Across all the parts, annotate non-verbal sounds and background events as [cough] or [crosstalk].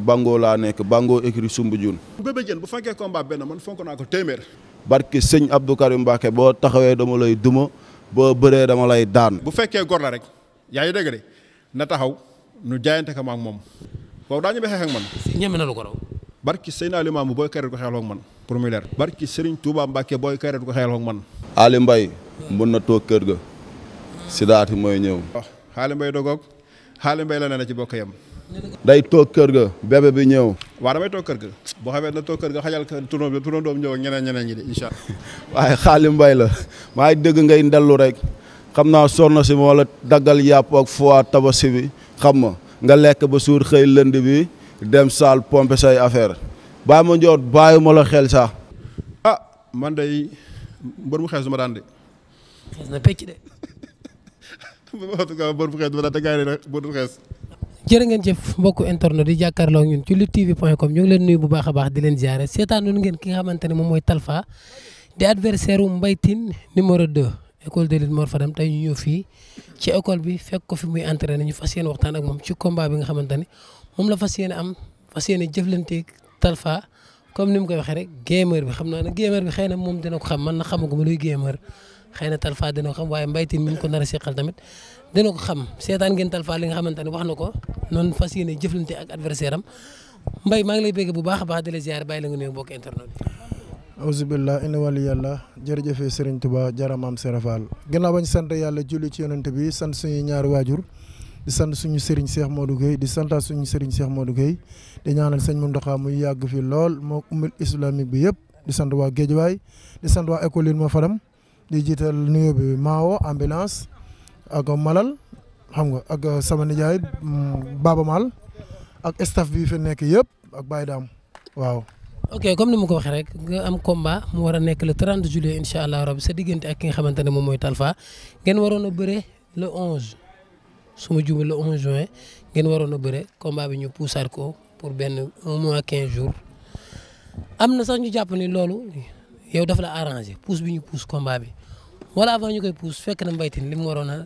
Bango laa nekk Bango écrit Soumbédioune. Bébé Diène bu fekkee combat benn man fonk naa ko téeméer. barke sëñ Abdou Karim Mbacke boo taxawee dama lay duma boo bëree dama lay daan. bu fekkee gor la rek yaa ngi dégg de na taxaw nu jaayante ka ak moom boobu daa ba xeex ak man. ñeme na lu ko raw. barki sëñ Aliou Mamou booy kayreet ko xeexloo ak man pour muy leer. barki Serigne Touba Mbacke booy kayreet ko xeexloo ak man. Ali Mbaye mun na toog kër ga. Sidaati mooy ñëw. waaw Aliou Mbaye dogoog Aliou Mbaye la ne na ci bokk yam day toog kër ga bébé bi ñëw. waaw damay toog kër ga boo xamee na toog kër ga xajal kër tournoi bi tournoi doom ñëw ak ñeneen ñeneen ñi di incha [laughs] waaye xaali mbay la maa ngi dëgg ngay ndellu rek xam naa sorna si moo la daggal yàpp ak foie tabaski bi xam ma nga lekk ba suur xëy lënd bi dem saal pompe say affaire bàyyi ma njoot bàyyi ma la xel sax. ah man ma daan [laughs] jërë ngeen jëf mbokku internet di jàkkaarloo ñun ci lutte tv point com ñu ngi leen nuyu bu baax a baax di leen ziare seetaanoon ngeen ki nga xamante ne moom mooy Talfa di adversaire wu Mbaye Tine numéro 2 école de lutte Mor Fadam tey ñu ñëw fii ci école bi fekk ko fi muy entraîné ñu fas yéene waxtaan ak moom ci combat bi nga xamante ne moom la fas yéene am fas yéene jëflanteeg Talfa comme ni mu koy waxee rek gamer bi xam naa ne gamer bi xëy na moom dina ko xam man na xamaguma luy gamer xëy na Talfa dina ko xam waaye mbay Tine mi ko nar a tamit dina ko xam seetaan ngeen Talfa li nga xamante ne wax na ko noonu fas yéene jëflante ak adversaire am Mbaye maa ngi lay bégg bu baax a baax di la ziar bàyyi la nga nuyu mbokk internet bi. auzubillah inna wali yàlla jërëjëf Serigne Touba jaramaam Serafal ginnaaw bañ sant yàlla julli ci yonent bi sant suñu ñaari waajur di sant suñu Serigne seex moo Gueye di santaat suñu Serigne Cheikh Modou Gueye di ñaanal sëñ Mountakha muy yàgg fi lool moo ummil islamique bi yëpp di sant waa Guédiawaye di sant waa école yi ma faram di jiital nuyoo bi Maawo ambulance ak Malal xam nga ak uh, sama nijaay mm, Baba Mal ak staff bi fi nekk yëpp ak Baye Dame waaw. ok comme ni ma ko waxee rek nga am combat mu war a nekk le 30 juillet incha allah rabi sa diggante ak ki nga xamante ne moom mooy Talfa ngeen waroon a bëre le 11 suma ma juumee le 11 juin ngeen waroon a bëre combat bi ñu puusaat ko pour benn un mois quinze jours am na sax ñu jàpp ni loolu. yow dafa la arrangé pousse bi ñu pousse combat bi wala avant ñu koy pousse fekk na Mbaye li mu waroon a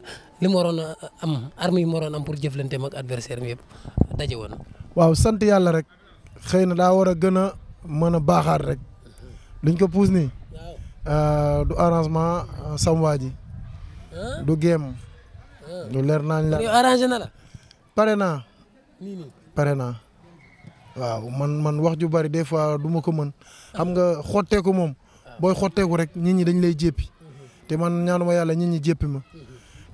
li mu waroon a am arme yi mu waroon am pour jëflanteem ak adversaire mi yëpp daje woon. waaw sant yàlla rek xëy na daa war a gën a mën a baaxaat rek luñ ko pousse ni euh, du arrangement euh, sam waa ji du géem. lu leer naañ la arrangé na la. pare naa. pare naa waaw man man wax ju bari des fois du ma ko mën. xam ah. nga xotteeku moom. booy xotteeku rek nit ñi dañ lay jéppi te man ñaanuma yàlla nit ñi jéppi ma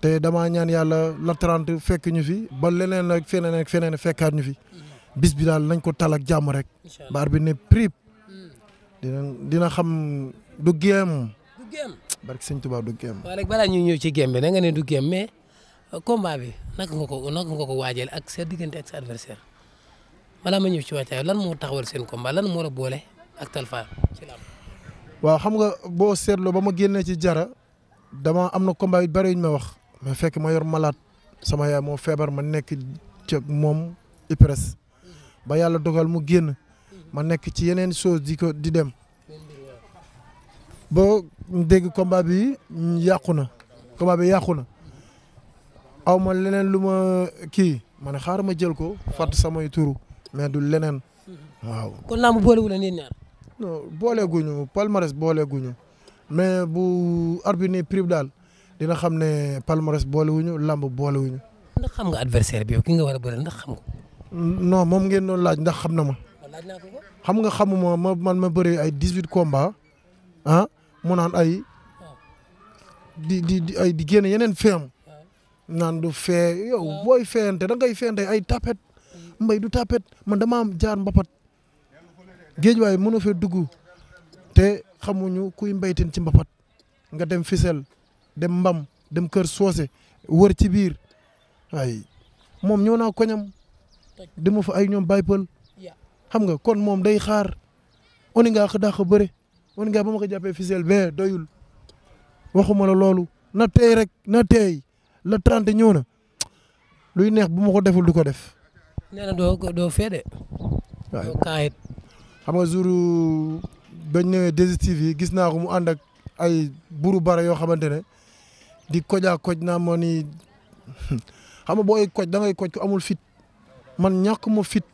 te damaa ñaan yàlla la trente fekk ñu fi ba leneen ak feneen ak feneen fekkaat ñu fi bis bi daal nañ ko tal jàmm rek baar bi ne prip hmm. dina dina xam du géem du géem barki du géem waaw rek balaa ñuy ñëw ci géem bi na nga du géem mais euh, combat bi naka nga ko naka nga ko waajal ak sa diggante ak sa adversaire balaa ma ñëw ci lan moo taxawal seen combat lan moo la boole ak Talfa waaw xam nga boo seetloo ba ma génnee ci jara dama am na combat yu bëri yuñ ma wax ma fekk ma yor malaat sama yaay moo feebar ma nekk ci moom IPRES ba yàlla dogal mu génn ma nekk ci yeneen chose di ko di dem boo dégg combat bi yàqu na combat bi yàqu na aw ma leneen lu ma kii ma ne xaar ma jël ko fàtt samay turu mais du leneen waaw. non booleeguñu palmarès booleeguñu mais bu arbine ne prime daal dina xam ne palmarès boolewuñu lamb boolewuñu. ndax xam nga adversaire bi yow a bëri ndax xam nga. moom ngeen doon laaj ndax xam na ma. laaj naa ko xam nga xamuma ma man ma bëri ay dix huit combats ah mu naan ay. di di di ay di génne yeneen feem. naan du fee yow booy feente da ngay feente ay tapet. Mm. mbay du tapet man dama am jaar géej géejuwaay mënoo fee dugg te xamuñu kuy mbaytin ci mbapat nga dem Fissel dem Mbam dem Kër Soose wër ci biir waaye moom ñëw naa koñam dama fa ay ñoom bay Pël xam nga kon moom day xaar oni ngaa ko dàq bëre oni ngaa ba ma ko jàppee Fissel bee doyul waxuma la loolu na teey rek na teey la trente ñëw na luy neex bu ma ko deful du ko def. nee doo fee de. doo kaayit xam nga jour bañ ñëwee yi gis naa ko mu ànd ay buru bara yoo xamante ne di koja koj naa ma ni xam nga booy koj da koj ku amul fit man ñàkk ma fit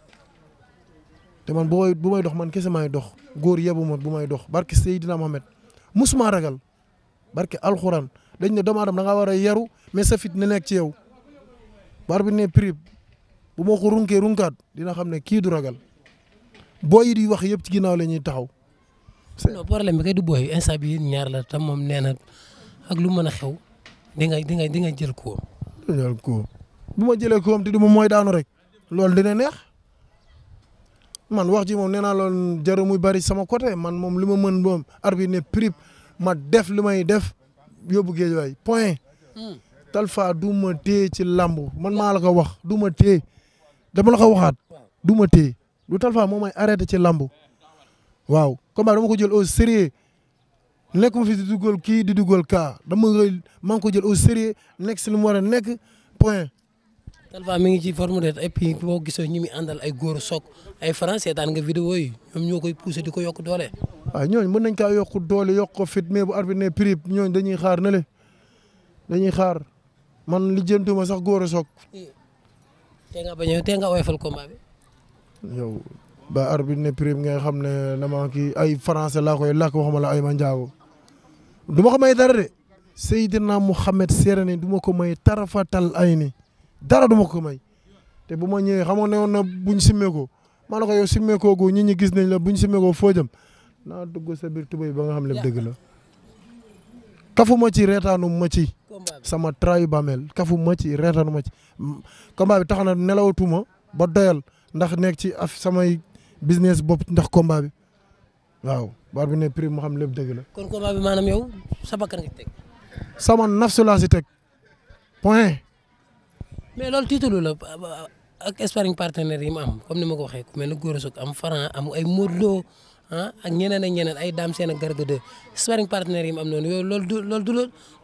te man booy bu may dox man kese maay dox góor yebu ma bu may dox barke Seydina Mohamed musuma ragal barke alxuraan dañ ne doomu aadama da ngaa war yaru mais sa fit ne nekk ci yow bar bu ma ko runkaat dina xam ne kiidu ragal. booy yi di wax yëpp ci ginnaaw la ñuy taxaw. non problème bi kay du booy instant bi ñaar la tam moom nee na ak lu mën a xew di nga di nga di nga jël ko. ko bu ma jëlee koom te du ma mooy daanu rek loolu dina neex man wax ji moom nee naa loolu jaru muy bari sama côté man moom li ma mën moom arbitre ne ma def li may def yóbbu géej waay point. Hmm. Talfa du ma téye ci làmb man maa la ko wax du ma téye dama la ko waxaat du ma téye du Talfa moom mooy arrêté ci lambu waaw combat dama ko jël au sérieux nekkuma fi di kii di duggal kaa dama ma maa ngi ko jël au sérieux nekk si lu mu war a nekk point. Talfa mi ngi ci forme de et puis boo gisoo ñi muy àndal ay góor soog ay français daan nga vidéo yi ñoom ñoo koy poussé di ko yokk doole. waaw ah, ñooñu mën nañ kaa yokk doole yokk ko fit mais bu arbitre ne prix dañuy xaar ne le dañuy xaar man lijjantuma sax góor a soog. tey nga bañ a tey nga oyofal yow ba arbitre ne prime ngay xam ne dama kii ay français laa koy làkk waxuma la ay ma njaago du ko may dara de Seydina Mouhamed seere ne duma ko may tarafatal ay ni dara du ma ko may te bu ma ñëwee xam ne woon na buñ simmeekoo maa la ko yow simmeekoogu nit ñi gis nañ la buñ simmeekoo foo jëm naa dugg sa biir tubéy ba nga xam lépp dëgg la kafuma ci reetaanu ma ci sama trayu bàmmeel kafu ma ci reetaanu ma ci combat bi tax na nelawatuma ba doyal ndax nekk ci af samay business bopp ndax combat bi waaw baar bu ne prix mu xam lépp dëgg la. kon combat bi maanaam yow sa bakkan nga teg. sama nafsu laa si teg point. mais loolu tiitalu la ak sparring partenaire yi mu am comme ni ma ko waxee ku mel ne Gora Sock am Franc am ay Modou Lo a ah, ak ñeneen ak ñeneen ay Dame Sène ak Garga 2 sparring yi mu am noonu yooyu loolu du loolu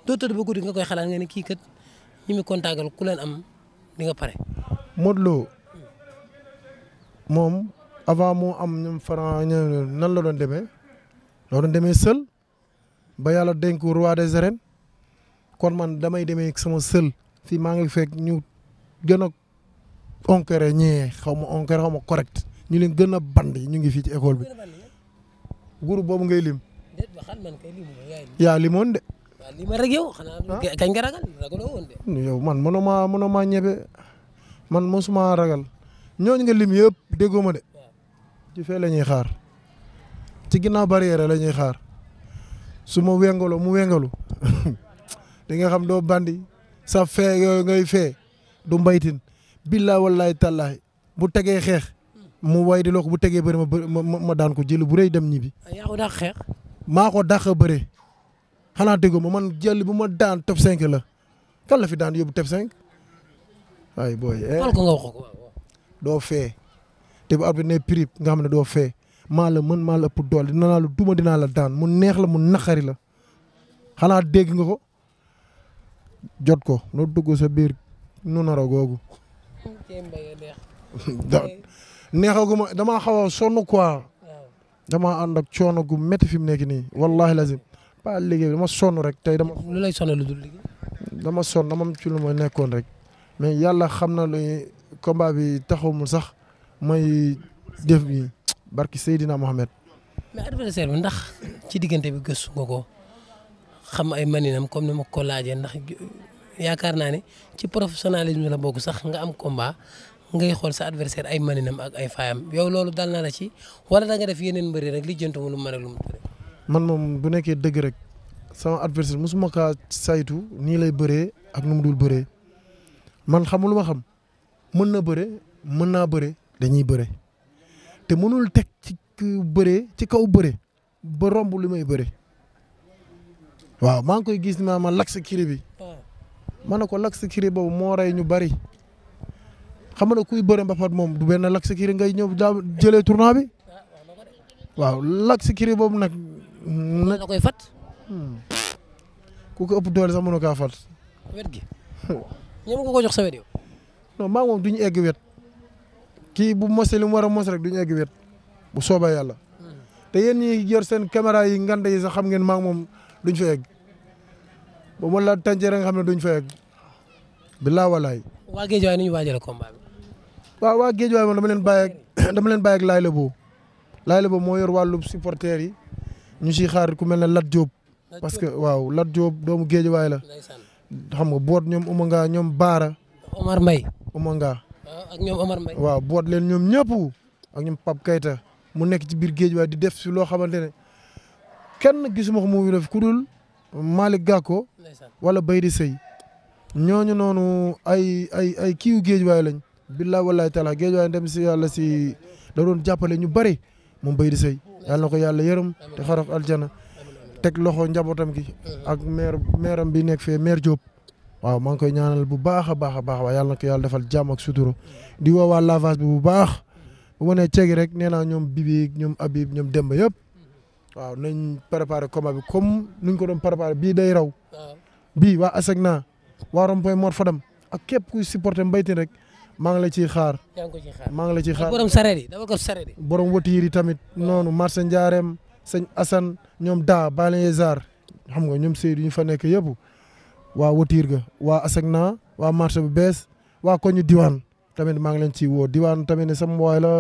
du la nga koy xalaat nga kii kat ñi mu kontaagal ku leen am di nga pare. Modou Lo moom avant moo am ñoom Franc nan la doon demee la doon demee seul ba yàlla dénk roi de seren kon man damay demee sama seul fii maa ngi fekk ñu gën a oncéré ñee xaw ma oncéré xaw correct ñu leen gën a bandi ñu ngi fii ci école bi groupe boobu ngay lim. yaa limoon de. li ma rek yow xanaa ah? kañ nga ragal man mënoo maa mënoo ñebe man mosuma ragal. ñooñu nga lim yëpp déggoo ma de ci fee la ñuy xaar ci ginnaaw barrière la xaar su ma wengaloo mu wengalu [laughs] di nga xam doo bandi sa fee yooyu fee du mbaytin billaa wallaay tallaahi bu tegee xeex mu way di loo ko bu tegee bëri ma ma daan ko jël bu rëy dem ñibbi. yaa ko xeex. maa ko dàq bëri xanaa déggoo ma man jël bu ma daan top 5 la kan la fi daan yóbbu top 5 booy. Eh. doo fee te bu arbitre ne prip nga xam ne doo fee maa la mën maa la ëpp doole dina naa la duma dinaa la daan mu neex la mu naqari la xanaa dégg nga ko jot ko noo dugg sa biir nu nara googu. [laughs] neexaguma damaa xaw a sonn quoi. damaa ànd ak coono gu metti fi mu nekk nii wallahi lazim pas liggéey dama sonn rek tey dama. lu lu dama sonn dama lu nekkoon rek mais yàlla xam na combat bi taxawul sax mooy def bi barki Seydina Mohamed. mais adversaire bi ndax ci diggante bi gëstu nga ko xam ay maninam comme ni ma ko laajee ndax yaakaar naa ne ci professionnalisme la bokk sax nga am combat ngay xool sa adversaire ay maninam ak ay faayam yow loolu dal na la ci wala da def yeneen mbëri rek li jëntu mu lu mën ak lu mu tere man moom bu nekkee dëgg rek sama adversaire mosuma saytu nii lay bëree ak nu mu dul bëree man xamul ma xam. mën na bëre mën naa bëre dañuy bëre te mënul teg ci bëree ci kaw bëre ba romb li may bëre waaw maa ngi koy gis ma ma laks kiri bi ma ne ko laks kiri boobu moo rey ñu bari xam nga kuy bëre mbapat moom du benn laks kiri ngay ñëw daa jëlee tournoi bi waaw laks kiri boobu nag. koy fat. Hmm. ku ko ëpp doole sax mënu kaa wet gi. non maa moom duñu egg wet kii bu mose li mu war a mos rek duñu egg wet bu soobee yàlla te yéen ñi yor seen caméra yi ngande yi sax xam ngeen maa moom duñ fa egg ba mu la tàncee nga xam ne duñ fa egg bilaa walaay. waa Géej waay ni ñu waajal combat bi. moom dama leen bàyyi ak [clears throat] dama leen bàyyi ak Laye Lebo moo yor wàllu supporters yi ñu si xaar ku mel na Lat Diop. parce que waaw Lat Diop doomu Géej waay la. xam nga boot ñoom Oumanga ñoom Baara. Omanga. Ah, ak waaw boot leen ñoom ñëpp ak ñoom Pape Keita mu nekk ci biir géej waaye di def si loo xamante ne kenn gisuma ko mu def ku dul Malick Gakko wala Baydi Sey ñooñu noonu ay ay ay kiiw géej waay lañ billaa wallaay taala géej waay dem si yàlla si da doon jàppale ñu bëri moom Baydi Sey yàlla na ko yàlla yërëm te xarak aljana teg loxo njabootam gi ak maire maire am bi nekk fee maire Diop waaw maa ngi koy ñaanal bu baax a baax a baax waaye yàlla na ko yàlla defal jàmm ak sutura di woowaa lavage bi bu baax bu ma nee rek nee naa ñoom Bibi ñoom Habib ñoom Demba yëpp waaw nañ préparé combat bi comme nuñ ko doon préparé bii day raw bii waa ASECNA waa Rompoy Mor Fadam a képp kuy supporter Mbaye Tine rek maa ngi la ciy xaar. maa ngi la ciy xaar borom sareet yi dama ko sareet borom watiir yi tamit noonu marché Ndiarème sëñ Assane ñoom daa Balaye Zar xam nga ñoom Seydou ñu fa nekk yëpp. waa Wotir ga waa Asegna waa marché bu bees waa koñu diwaan tamit maa ngi leen ciy woo diwaan tamit ne sama waay la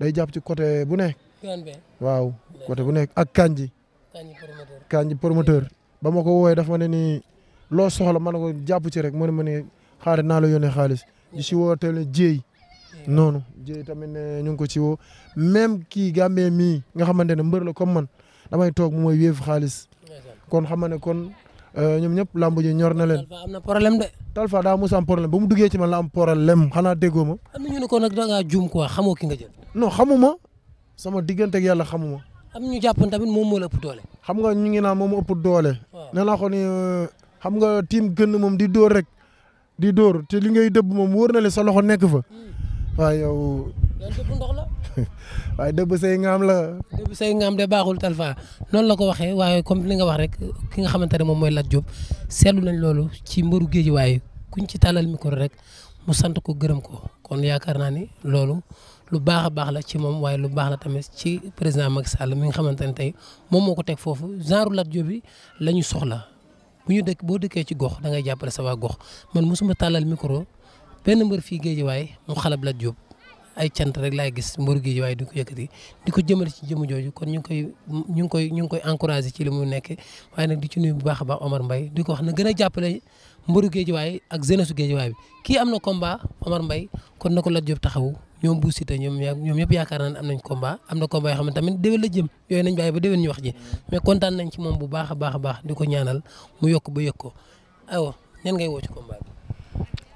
day jàpp ci côté bu nekk. waaw côté bu nekk ak Kanji. Kanji promoteur ba ma ko woowee dafa ma ne nii loo soxla ma ne ko jàpp ci rek mu ne ma ne xaaral naa la yónnee xaalis. di si woo teel a noonu jéey tamit ne ñu ngi ko ci woo même kii Gambie mii nga xamante ne mbër la comme man damay toog mooy wéef xaalis. kon xam kon. Euh, ñoom ñëpp lamb ji ñor na leen. Talfa de. Talfa daa mos am problème ba mu duggee ci man la am problème xanaa déggoo ma. am na ñu ne ko nag da ngaa juum quoi xamoo ki nga jël. non xamuma sama diggante ak yàlla xamuma. am ñu jàpp tamit moom moo la doole. xam nga ñu moom ëpp doole. waaw ko ni euh, xam nga tiim gën moom di dóor rek di dóor te li ngay dëbb moom wóor na le sa loxo nekk fa. Hmm. waaw yow. [laughs] waaye dëbb say ngaam la. dëbb say ngaam de baaxul Talfa noonu la ko waxee waaye comme li nga wax rek ki nga xamante ne moom mooy Lat Diop seetlu nañ loolu ci mbëru géej waaye kuñ ci tàllal micro rek mu sant ko gërëm ko kon yaakaar naa ni loolu lu baax a baax la ci moom waaye lu baax la tamit ci président Macky Sall mi nga xamante ne tey moom moo ko teg foofu genre Lat Diop bi la ñu soxla bu ñu dëkk boo dëkkee ci gox da ngay jàppale sa waa gox man mosuma tàllal micro benn mbër fii géej waaye mu xalab Lat Diop ay cant rek laay gis mboru géej waaye du ko yëkkati di ko jëmal ci jëmu jooju kon ñu ngi koy ñu ngi koy ñu ngi koy encouragé ci li mu nekk waaye nag di ci nuyu bu baax a baax Omar Mbaye di ko wax na gën a jàppale mboru géej waay ak jeunesse géej waay bi kii am na combat Omar Mbaye kon na ko Lat Diop taxawu ñoom bu sita ñoom ñoom ñëpp yaakaar naa ne am nañ combat am na combat yoo xam ne tamit déwén la jëm yooyu nañ bàyyi ba déwén ñu wax ji mais kontaan nañ ci moom bu baax a baax a baax di ko ñaanal mu yokk ba yokk ko aywa ñan ngay woo ci combat bi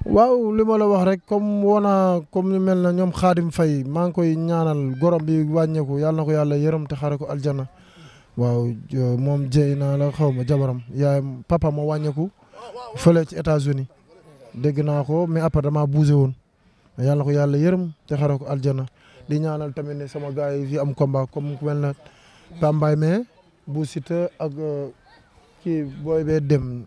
waaw li ma la wax rek comme woona comme ñu mel na ñoom xaadim fay maa ngi koy ñaanal gorom bi wàññeeku yàlla na ko yàlla yërëm te xare ko aljana waaw moom jéy naa la xaw ma jabaram yaayam papa ma wàññeeku fële ci États-Unis dégg naa ko mais après dama bougé woon yàlla na ko yàlla yërëm te xare ko aljana di ñaanal tamit ne sama gars yi fi am combat comme ku mel na Pambaay mais bu Siteu ak euh, kii booy bee dem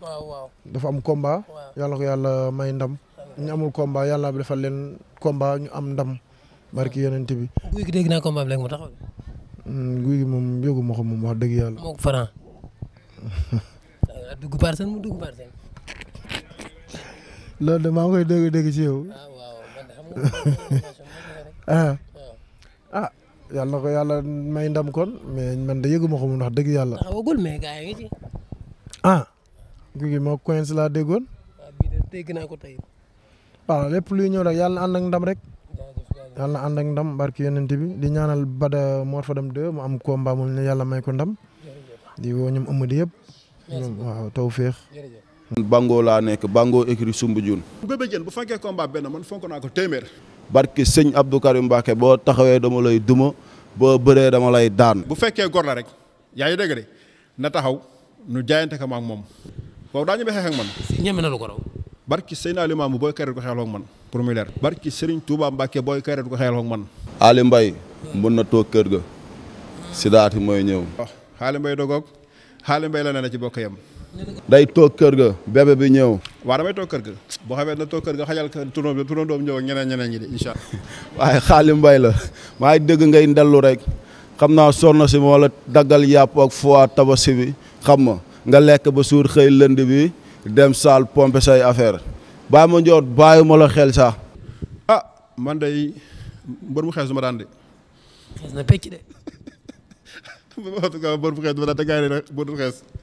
waaw waaw dafa am combat. yàlla ko yàlla may ndam. ñu amul combat yàlla bi defal leen combat ñu am ndam. barki yonent bi. guy gi dégg naa combat bi léegi mu taxaw. Hmm, guy gi moom yëgu ma ko moom wax dëgg yàlla. moog Franc. [laughs] mu dugg parcelle. [laughs] loolu de maa ngi dégg-dégg ah, ah. ah, yàlla na ko yàlla may ndam kon mais man de yëgu ma ko moom dëgg yàlla. guy moo coins laa déggoon. waaw ko tey. waaw lépp luy ñëw rek yàlla na ànd ndam rek. yàlla na ànd ak ndam barki yonent bi di ñaanal Bada Mor Fadam 2 mu am combat mu waaw taw féex. man laa nekk bàngoo écrit Soumbédioune. bu ko bëjjën bu fekkee combat benn man fonk naa ko téeméer. barki sëñ Abdou Karim Mbacke boo taxawee dama lay duma boo bëree dama lay daan. bu fekkee gor la rek yaa ngi de na taxaw nu jaayante ko ma moom. kooku daa ñeme xeex ak ko raw. barki sëñ Aliou Mamou booy kareet ko xeexloo ak man pour muy leer. barki Serigne Touba Mbacke booy kareet ko xeexloo ak man. Ali Mbaye mën na toog kër ga. Sidaati mooy ñëw. waaw Ali Mbaye dogoog Ali Mbaye la nee na ci bokk yam day toog kër ga bebe bi ñëw. waaw damay toog kër ga boo xamee na toog kër ga xajal tournoi bi tournoi doom ñëw ak ñeneen ñeneen ñi de incha [laughs] waaye xaali mbay la maay dëgg ngay ndellu rek xam naa sonn si ma wala daggal yàpp ak foie tabaski bi xam ma nga lekk ba suur xëy lënd bi dem saal pompe say affaire baa ma njoot bàyyi la xel sax. ah man day mbër mu xees ma daan de. xees na pecc de. [laughs] mbër mu xees ma daan te gars yi nag mbër mu xees.